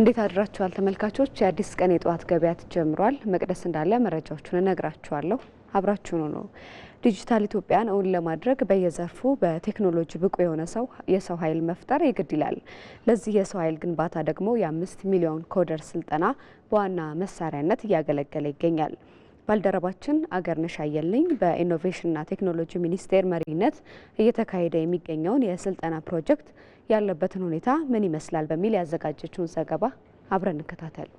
እንዴት አድራችኋል ተመልካቾች? የአዲስ ቀን የጠዋት ገበያ ተጀምሯል። መቅደስ እንዳለ መረጃዎቹን እነግራችኋለሁ። አብራችሁኑ ነው። ዲጂታል ኢትዮጵያን እውን ለማድረግ በየዘርፉ በቴክኖሎጂ ብቁ የሆነ ሰው የሰው ኃይል መፍጠር ይግድ ይላል። ለዚህ የሰው ኃይል ግንባታ ደግሞ የአምስት ሚሊዮን ኮደር ስልጠና በዋና መሳሪያነት እያገለገለ ይገኛል። ባልደረባችን አገርነሽ አየልኝ በኢኖቬሽንና ቴክኖሎጂ ሚኒስቴር መሪነት እየተካሄደ የሚገኘውን የስልጠና ፕሮጀክት ያለበትን ሁኔታ ምን ይመስላል በሚል ያዘጋጀችውን ዘገባ አብረን እንከታተል።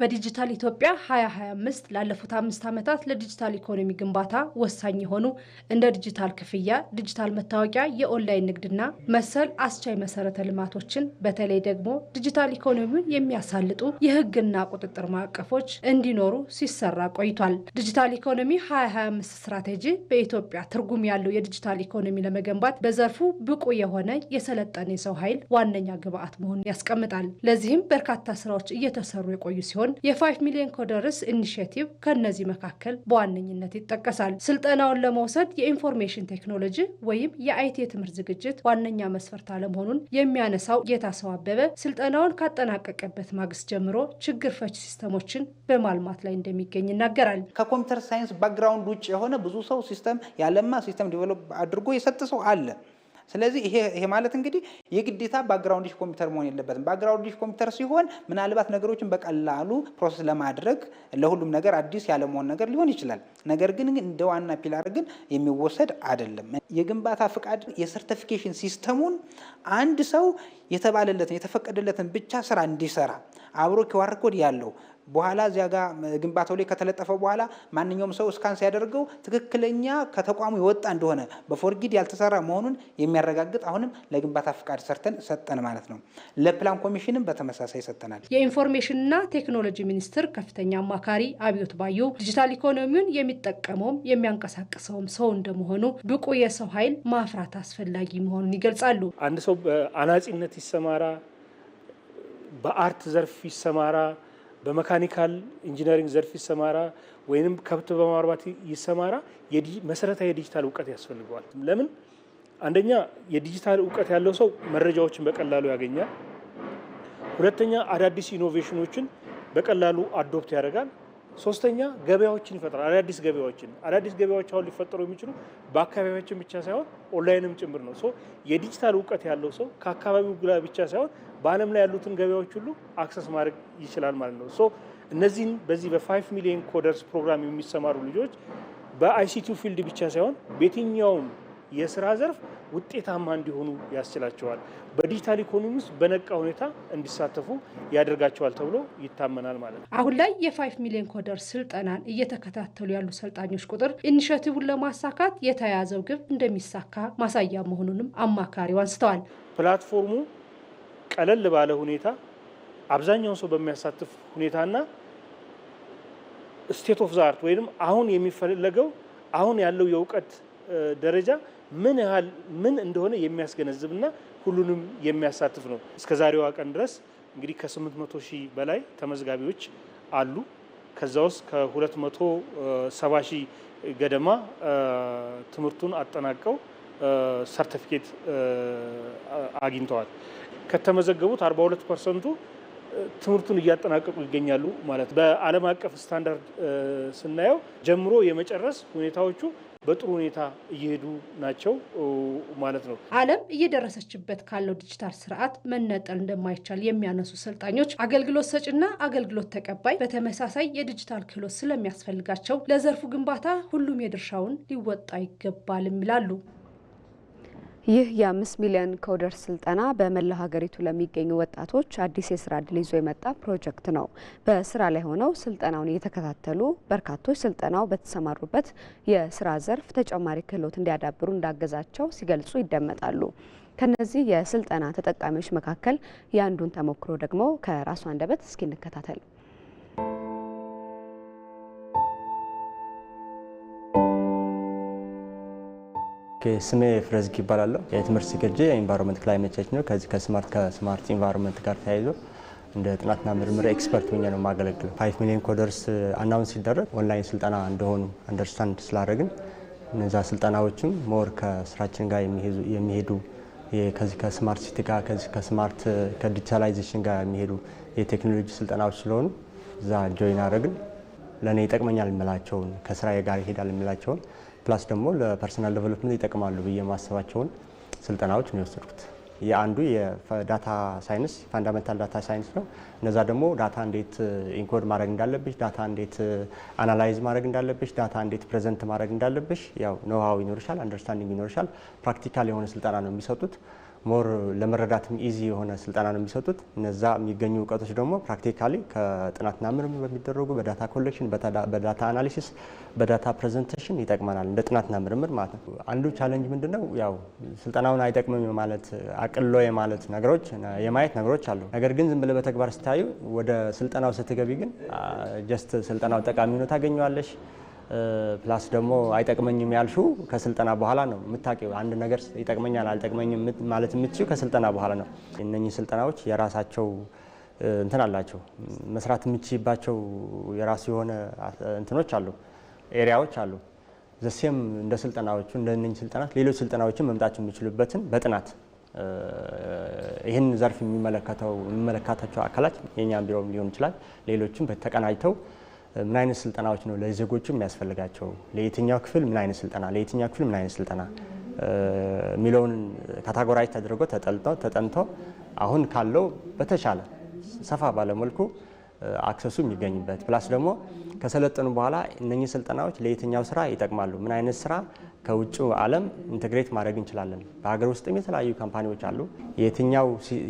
በዲጂታል ኢትዮጵያ 2025 ላለፉት አምስት ዓመታት ለዲጂታል ኢኮኖሚ ግንባታ ወሳኝ የሆኑ እንደ ዲጂታል ክፍያ፣ ዲጂታል መታወቂያ፣ የኦንላይን ንግድና መሰል አስቻይ መሰረተ ልማቶችን በተለይ ደግሞ ዲጂታል ኢኮኖሚውን የሚያሳልጡ የሕግና ቁጥጥር ማዕቀፎች እንዲኖሩ ሲሰራ ቆይቷል። ዲጂታል ኢኮኖሚ 2025 ስትራቴጂ በኢትዮጵያ ትርጉም ያለው የዲጂታል ኢኮኖሚ ለመገንባት በዘርፉ ብቁ የሆነ የሰለጠነ የሰው ኃይል ዋነኛ ግብዓት መሆኑን ያስቀምጣል። ለዚህም በርካታ ስራዎች እየተሰሩ የቆዩ ሲሆን ሲሆን የፋይቭ ሚሊዮን ኮደርስ ኢኒሽቲቭ ከእነዚህ መካከል በዋነኝነት ይጠቀሳል። ስልጠናውን ለመውሰድ የኢንፎርሜሽን ቴክኖሎጂ ወይም የአይቲ የትምህርት ዝግጅት ዋነኛ መስፈርት አለመሆኑን የሚያነሳው ጌታሰው አበበ ስልጠናውን ካጠናቀቀበት ማግስት ጀምሮ ችግር ፈች ሲስተሞችን በማልማት ላይ እንደሚገኝ ይናገራል። ከኮምፒውተር ሳይንስ ባክግራውንድ ውጭ የሆነ ብዙ ሰው ሲስተም ያለማ ሲስተም ዲቨሎፕ አድርጎ የሰጥ ሰው አለ። ስለዚህ ይሄ ማለት እንግዲህ የግዴታ ባክግራውንድ ኮምፒውተር መሆን የለበትም። ባክግራውንድ ኮምፒውተር ሲሆን ምናልባት ነገሮችን በቀላሉ ፕሮሰስ ለማድረግ ለሁሉም ነገር አዲስ ያለመሆን ነገር ሊሆን ይችላል። ነገር ግን እንደ ዋና ፒላር ግን የሚወሰድ አይደለም። የግንባታ ፍቃድ የሰርቲፊኬሽን ሲስተሙን አንድ ሰው የተባለለትን የተፈቀደለትን ብቻ ስራ እንዲሰራ አብሮ ኪዋር ኮድ ያለው በኋላ እዚያ ጋር ግንባታው ላይ ከተለጠፈ በኋላ ማንኛውም ሰው እስካን ሲያደርገው ትክክለኛ ከተቋሙ የወጣ እንደሆነ በፎርጊድ ያልተሰራ መሆኑን የሚያረጋግጥ አሁንም ለግንባታ ፍቃድ ሰርተን ሰጠን ማለት ነው። ለፕላን ኮሚሽንም በተመሳሳይ ሰጠናል። የኢንፎርሜሽንና ቴክኖሎጂ ሚኒስትር ከፍተኛ አማካሪ አብዮት ባዩ ዲጂታል ኢኮኖሚውን የሚጠቀመውም የሚያንቀሳቅሰውም ሰው እንደመሆኑ ብቁ የሰው ኃይል ማፍራት አስፈላጊ መሆኑን ይገልጻሉ። አንድ ሰው በአናጺነት ይሰማራ፣ በአርት ዘርፍ ይሰማራ በመካኒካል ኢንጂነሪንግ ዘርፍ ይሰማራ ወይንም ከብት በማርባት ይሰማራ መሰረታዊ የዲጂታል እውቀት ያስፈልገዋል። ለምን? አንደኛ የዲጂታል እውቀት ያለው ሰው መረጃዎችን በቀላሉ ያገኛል። ሁለተኛ አዳዲስ ኢኖቬሽኖችን በቀላሉ አዶፕት ያደርጋል። ሶስተኛ ገበያዎችን ይፈጥራል። አዳዲስ ገበያዎችን አዳዲስ ገበያዎች አሁን ሊፈጠሩ የሚችሉ በአካባቢያችን ብቻ ሳይሆን ኦንላይንም ጭምር ነው። የዲጂታል እውቀት ያለው ሰው ከአካባቢው ብቻ ሳይሆን በዓለም ላይ ያሉትን ገበያዎች ሁሉ አክሰስ ማድረግ ይችላል ማለት ነው። ሶ እነዚህን በዚህ በፋይቭ ሚሊዮን ኮደርስ ፕሮግራም የሚሰማሩ ልጆች በአይሲቲው ፊልድ ብቻ ሳይሆን በየትኛውም የስራ ዘርፍ ውጤታማ እንዲሆኑ ያስችላቸዋል። በዲጂታል ኢኮኖሚ ውስጥ በነቃ ሁኔታ እንዲሳተፉ ያደርጋቸዋል ተብሎ ይታመናል ማለት ነው። አሁን ላይ የፋይቭ ሚሊዮን ኮደር ስልጠናን እየተከታተሉ ያሉ ሰልጣኞች ቁጥር ኢኒሽቲቭን ለማሳካት የተያያዘው ግብ እንደሚሳካ ማሳያ መሆኑንም አማካሪው አንስተዋል። ፕላትፎርሙ ቀለል ባለ ሁኔታ አብዛኛውን ሰው በሚያሳትፍ ሁኔታና ስቴት ኦፍ ዛርት ወይም አሁን የሚፈለገው አሁን ያለው የእውቀት ደረጃ ምን ያህል ምን እንደሆነ የሚያስገነዝብና ሁሉንም የሚያሳትፍ ነው። እስከ ዛሬዋ ቀን ድረስ እንግዲህ ከ800 ሺህ በላይ ተመዝጋቢዎች አሉ። ከዛ ውስጥ ከ270 ሺህ ገደማ ትምህርቱን አጠናቀው ሰርቲፊኬት አግኝተዋል። ከተመዘገቡት 42 ፐርሰንቱ ትምህርቱን እያጠናቀቁ ይገኛሉ ማለት። በዓለም አቀፍ ስታንዳርድ ስናየው ጀምሮ የመጨረስ ሁኔታዎቹ በጥሩ ሁኔታ እየሄዱ ናቸው ማለት ነው። ዓለም እየደረሰችበት ካለው ዲጂታል ስርዓት መነጠል እንደማይቻል የሚያነሱ ሰልጣኞች አገልግሎት ሰጪና አገልግሎት ተቀባይ በተመሳሳይ የዲጂታል ክህሎት ስለሚያስፈልጋቸው ለዘርፉ ግንባታ ሁሉም የድርሻውን ሊወጣ ይገባልም ይላሉ። ይህ የአምስት ሚሊዮን ኮደር ስልጠና በመላው ሀገሪቱ ለሚገኙ ወጣቶች አዲስ የስራ እድል ይዞ የመጣ ፕሮጀክት ነው። በስራ ላይ ሆነው ስልጠናውን የተከታተሉ በርካቶች ስልጠናው በተሰማሩበት የስራ ዘርፍ ተጨማሪ ክህሎት እንዲያዳብሩ እንዳገዛቸው ሲገልጹ ይደመጣሉ። ከነዚህ የስልጠና ተጠቃሚዎች መካከል የአንዱን ተሞክሮ ደግሞ ከራሱ አንደበት እስኪ እንከታተል። ስሜ ፍረዝግ ይባላለሁ። የትምህርት ስግጄ የኢንቫይሮንመንት ክላይሜት ቼንጅ ነው። ከዚህ ከስማርት ከስማርት ኢንቫይሮንመንት ጋር ተያይዞ እንደ ጥናትና ምርምር ኤክስፐርት ሆኜ ነው የማገለግለው። ፋይቭ ሚሊዮን ኮደርስ አናውንስ ሲደረግ ኦንላይን ስልጠና እንደሆኑ አንደርስታንድ ስላደረግን እነዛ ስልጠናዎችም ሞር ከስራችን ጋር የሚሄዱ ከዚህ ከስማርት ሲቲ ጋር ከዚህ ከስማርት ከዲጂታላይዜሽን ጋር የሚሄዱ የቴክኖሎጂ ስልጠናዎች ስለሆኑ እዛ ጆይን አደረግን። ለእኔ ይጠቅመኛል የምላቸውን ከስራ ጋር ይሄዳል የምላቸውን ፕላስ ደግሞ ለፐርሰናል ዴቨሎፕመንት ይጠቅማሉ ብዬ ማሰባቸውን ስልጠናዎች ነው የወሰድኩት። የአንዱ የዳታ ሳይንስ ፋንዳሜንታል ዳታ ሳይንስ ነው። እነዛ ደግሞ ዳታ እንዴት ኢንኮድ ማድረግ እንዳለብሽ፣ ዳታ እንዴት አናላይዝ ማድረግ እንዳለብሽ፣ ዳታ እንዴት ፕሬዘንት ማድረግ እንዳለብሽ ያው ኖሃው ይኖርሻል፣ አንደርስታንዲንግ ይኖርሻል። ፕራክቲካል የሆነ ስልጠና ነው የሚሰጡት። ሞር ለመረዳትም ኢዚ የሆነ ስልጠና ነው የሚሰጡት። እነዛ የሚገኙ እውቀቶች ደግሞ ፕራክቲካሊ ከጥናትና ምርምር በሚደረጉ በዳታ ኮሌክሽን፣ በዳታ አናሊሲስ፣ በዳታ ፕሬዘንቴሽን ይጠቅመናል እንደ ጥናትና ምርምር ማለት ነው። አንዱ ቻለንጅ ምንድን ነው? ያው ስልጠናውን አይጠቅምም ማለት አቅሎ የማለት ነገሮች የማየት ነገሮች አሉ። ነገር ግን ዝም ብለህ በተግባር ስታዩ ወደ ስልጠናው ስትገቢ ግን ጀስት ስልጠናው ጠቃሚ ሆኖ ታገኘዋለሽ። ፕላስ ደግሞ አይጠቅመኝም ያልሹ ከስልጠና በኋላ ነው የምታውቂው። አንድ ነገር ይጠቅመኛል አልጠቅመኝም ማለት የምትችው ከስልጠና በኋላ ነው። እነኚህ ስልጠናዎች የራሳቸው እንትን አላቸው። መስራት የምችባቸው የራሱ የሆነ እንትኖች አሉ፣ ኤሪያዎች አሉ። ዘሴም እንደ ስልጠናዎቹ እንደ እነኚህ ስልጠናት ሌሎች ስልጠናዎችን መምጣት የሚችሉበትን በጥናት ይህን ዘርፍ የሚመለከተው የሚመለከታቸው አካላት የእኛም ቢሮም ሊሆን ይችላል ሌሎችም ተቀናጅተው ምን አይነት ስልጠናዎች ነው ለዜጎቹ የሚያስፈልጋቸው፣ ለየትኛው ክፍል ምን አይነት ስልጠና፣ ለየትኛው ክፍል ምን አይነት ስልጠና የሚለውን ካታጎራይዝ ተደርጎ ተጠንቶ አሁን ካለው በተሻለ ሰፋ ባለመልኩ አክሰሱ የሚገኝበት ፕላስ ደግሞ ከሰለጠኑ በኋላ እነኚህ ስልጠናዎች ለየትኛው ስራ ይጠቅማሉ፣ ምን አይነት ስራ ከውጭ ዓለም ኢንቴግሬት ማድረግ እንችላለን። በሀገር ውስጥም የተለያዩ ካምፓኒዎች አሉ።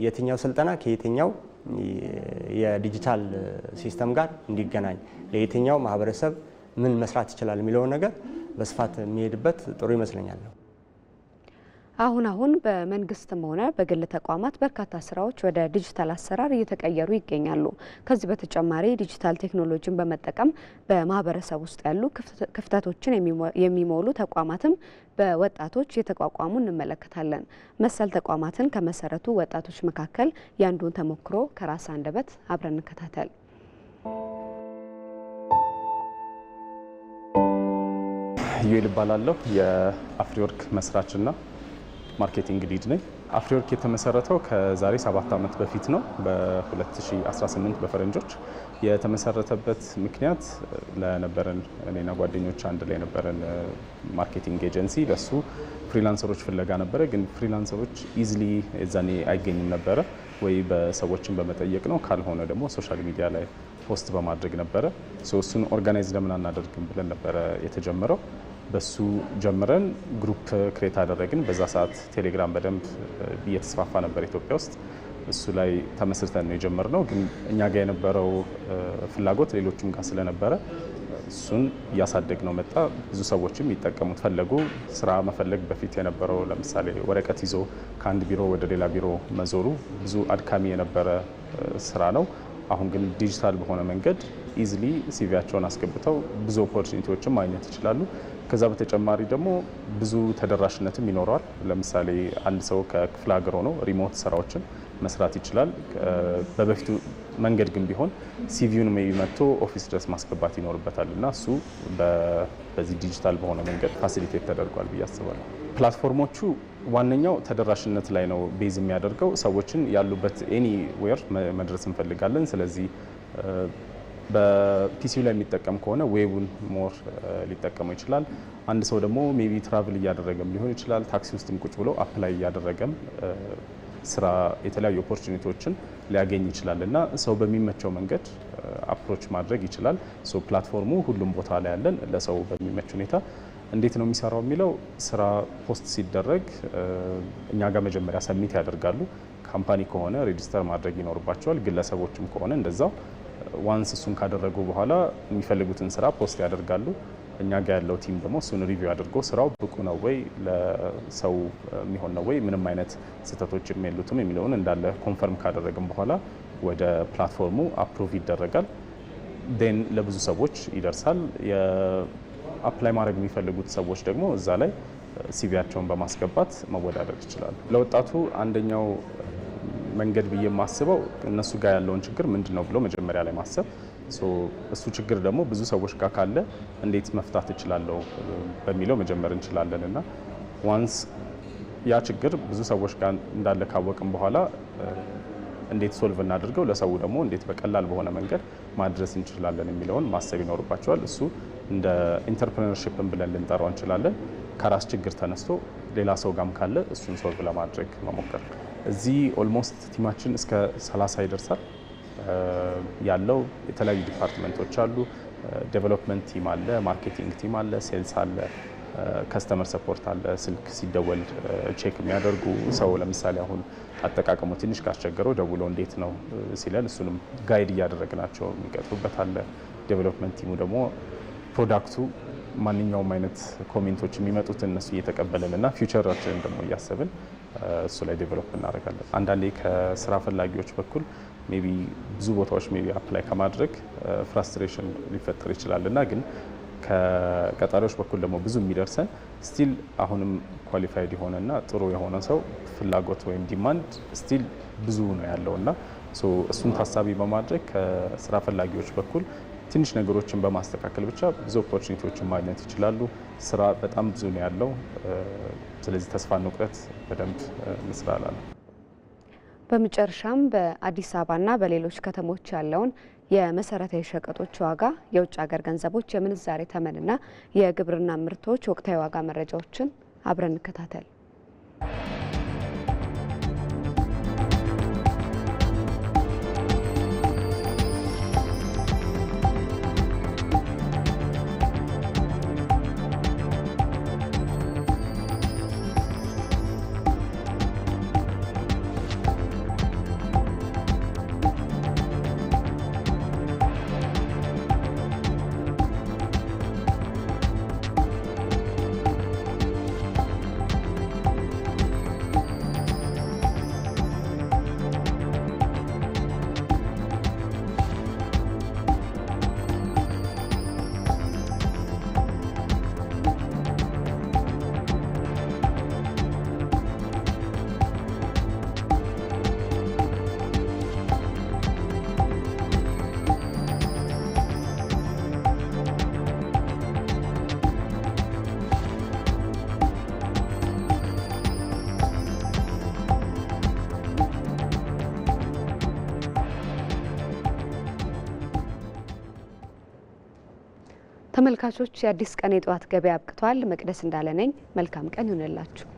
የትኛው ስልጠና ከየትኛው የዲጂታል ሲስተም ጋር እንዲገናኝ ለየትኛው ማህበረሰብ ምን መስራት ይችላል የሚለውን ነገር በስፋት የሚሄድበት ጥሩ ይመስለኛል ነው። አሁን አሁን በመንግስትም ሆነ በግል ተቋማት በርካታ ስራዎች ወደ ዲጂታል አሰራር እየተቀየሩ ይገኛሉ። ከዚህ በተጨማሪ ዲጂታል ቴክኖሎጂን በመጠቀም በማህበረሰብ ውስጥ ያሉ ክፍተቶችን የሚሞሉ ተቋማትም በወጣቶች የተቋቋሙ እንመለከታለን። መሰል ተቋማትን ከመሰረቱ ወጣቶች መካከል ያንዱን ተሞክሮ ከራስ አንደበት አብረን እንከታተል። ዩኤል እባላለሁ የአፍሪወርክ መስራችና ማርኬቲንግ ሊድ ነኝ። አፍሪወርክ የተመሰረተው ከዛሬ ሰባት ዓመት በፊት ነው በ2018 በፈረንጆች። የተመሰረተበት ምክንያት ለነበረን እኔና ጓደኞች አንድ ላይ የነበረን ማርኬቲንግ ኤጀንሲ ለሱ ፍሪላንሰሮች ፍለጋ ነበረ። ግን ፍሪላንሰሮች ኢዝሊ የዛኔ አይገኝም ነበረ፣ ወይ በሰዎችን በመጠየቅ ነው፣ ካልሆነ ደግሞ ሶሻል ሚዲያ ላይ ፖስት በማድረግ ነበረ። እሱን ኦርጋናይዝ ለምን አናደርግም ብለን ነበረ የተጀመረው በሱ ጀምረን ግሩፕ ክሬት አደረግን። በዛ ሰዓት ቴሌግራም በደንብ እየተስፋፋ ነበር ኢትዮጵያ ውስጥ። እሱ ላይ ተመስርተን ነው የጀመርነው። ግን እኛ ጋር የነበረው ፍላጎት ሌሎችም ጋር ስለነበረ እሱን እያሳደግ ነው መጣ። ብዙ ሰዎችም ይጠቀሙት ፈለጉ። ስራ መፈለግ በፊት የነበረው ለምሳሌ ወረቀት ይዞ ከአንድ ቢሮ ወደ ሌላ ቢሮ መዞሩ ብዙ አድካሚ የነበረ ስራ ነው። አሁን ግን ዲጂታል በሆነ መንገድ ኢዝሊ ሲቪያቸውን አስገብተው ብዙ ኦፖርቹኒቲዎችን ማግኘት ይችላሉ። ከዛ በተጨማሪ ደግሞ ብዙ ተደራሽነትም ይኖረዋል። ለምሳሌ አንድ ሰው ከክፍለ ሀገር ሆኖ ሪሞት ስራዎችን መስራት ይችላል። በበፊቱ መንገድ ግን ቢሆን ሲቪውን ሜይ መጥቶ ኦፊስ ድረስ ማስገባት ይኖርበታል እና እሱ በዚህ ዲጂታል በሆነ መንገድ ፋሲሊቴት ተደርጓል ብዬ አስባለሁ። ፕላትፎርሞቹ ዋነኛው ተደራሽነት ላይ ነው ቤዝ የሚያደርገው ሰዎችን ያሉበት ኤኒ ዌር መድረስ እንፈልጋለን። ስለዚህ በፒሲው ላይ የሚጠቀም ከሆነ ዌቡን ሞር ሊጠቀመው ይችላል። አንድ ሰው ደግሞ ሜቢ ትራቭል እያደረገም ሊሆን ይችላል። ታክሲ ውስጥም ቁጭ ብሎ አፕላይ እያደረገም ስራ የተለያዩ ኦፖርቹኒቲዎችን ሊያገኝ ይችላል እና ሰው በሚመቸው መንገድ አፕሮች ማድረግ ይችላል። ሶ ፕላትፎርሙ ሁሉም ቦታ ላይ ያለን ለሰው በሚመች ሁኔታ እንዴት ነው የሚሰራው የሚለው ስራ ፖስት ሲደረግ እኛ ጋር መጀመሪያ ሰሚት ያደርጋሉ። ካምፓኒ ከሆነ ሬጂስተር ማድረግ ይኖርባቸዋል። ግለሰቦችም ከሆነ እንደዛው ዋንስ እሱን ካደረጉ በኋላ የሚፈልጉትን ስራ ፖስት ያደርጋሉ። እኛ ጋር ያለው ቲም ደግሞ እሱን ሪቪው አድርጎ ስራው ብቁ ነው ወይ፣ ለሰው የሚሆን ነው ወይ፣ ምንም አይነት ስህተቶች የሚሉትም የሚለውን እንዳለ ኮንፈርም ካደረግም በኋላ ወደ ፕላትፎርሙ አፕሩቭ ይደረጋል። ዴን ለብዙ ሰዎች ይደርሳል። የአፕላይ ማድረግ የሚፈልጉት ሰዎች ደግሞ እዛ ላይ ሲቪያቸውን በማስገባት መወዳደር ይችላሉ። ለወጣቱ አንደኛው መንገድ ብዬ የማስበው እነሱ ጋር ያለውን ችግር ምንድን ነው ብሎ መጀመሪያ ላይ ማሰብ፣ እሱ ችግር ደግሞ ብዙ ሰዎች ጋር ካለ እንዴት መፍታት እችላለሁ በሚለው መጀመር እንችላለን እና ዋንስ ያ ችግር ብዙ ሰዎች ጋር እንዳለ ካወቅም በኋላ እንዴት ሶልቭ እናድርገው ለሰው ደግሞ እንዴት በቀላል በሆነ መንገድ ማድረስ እንችላለን የሚለውን ማሰብ ይኖርባቸዋል። እሱ እንደ ኢንተርፕረነርሽፕን ብለን ልንጠራው እንችላለን። ከራስ ችግር ተነስቶ ሌላ ሰው ጋም ካለ እሱን ሶልቭ ለማድረግ መሞከር እዚህ ኦልሞስት ቲማችን እስከ 30 ይደርሳል ያለው የተለያዩ ዲፓርትመንቶች አሉ። ዴቨሎፕመንት ቲም አለ፣ ማርኬቲንግ ቲም አለ፣ ሴልስ አለ፣ ከስተመር ሰፖርት አለ። ስልክ ሲደወል ቼክ የሚያደርጉ ሰው ለምሳሌ አሁን አጠቃቀሙ ትንሽ ካስቸገረው ደውሎ እንዴት ነው ሲለን እሱንም ጋይድ እያደረግናቸው የሚቀጥሩበት አለ። ዴቨሎፕመንት ቲሙ ደግሞ ፕሮዳክቱ ማንኛውም አይነት ኮሜንቶች የሚመጡት እነሱ እየተቀበልን እና ፊውቸራችንን ደግሞ እያሰብን እሱ ላይ ዴቨሎፕ እናደርጋለን። አንዳንዴ ከስራ ፈላጊዎች በኩል ቢ ብዙ ቦታዎች ቢ አፕላይ ከማድረግ ፍራስትሬሽን ሊፈጠር ይችላል እና ግን ከቀጣሪዎች በኩል ደግሞ ብዙ የሚደርሰን ስቲል አሁንም ኳሊፋይድ የሆነና ጥሩ የሆነ ሰው ፍላጎት ወይም ዲማንድ ስቲል ብዙ ነው ያለው እና እሱን ታሳቢ በማድረግ ከስራ ፈላጊዎች በኩል ትንሽ ነገሮችን በማስተካከል ብቻ ብዙ ኦፖርቹኒቲዎችን ማግኘት ይችላሉ። ስራ በጣም ብዙ ነው ያለው። ስለዚህ ተስፋ ንቁረት በደንብ እንስራላለን። በመጨረሻም በአዲስ አበባና በሌሎች ከተሞች ያለውን የመሰረታዊ ሸቀጦች ዋጋ፣ የውጭ ሀገር ገንዘቦች የምንዛሬ ተመንና የግብርና ምርቶች ወቅታዊ ዋጋ መረጃዎችን አብረን እንከታተል። ተመልካቾች፣ የአዲስ ቀን የጠዋት ገበያ አብቅቷል። መቅደስ እንዳለ ነኝ። መልካም ቀን ይሆንላችሁ።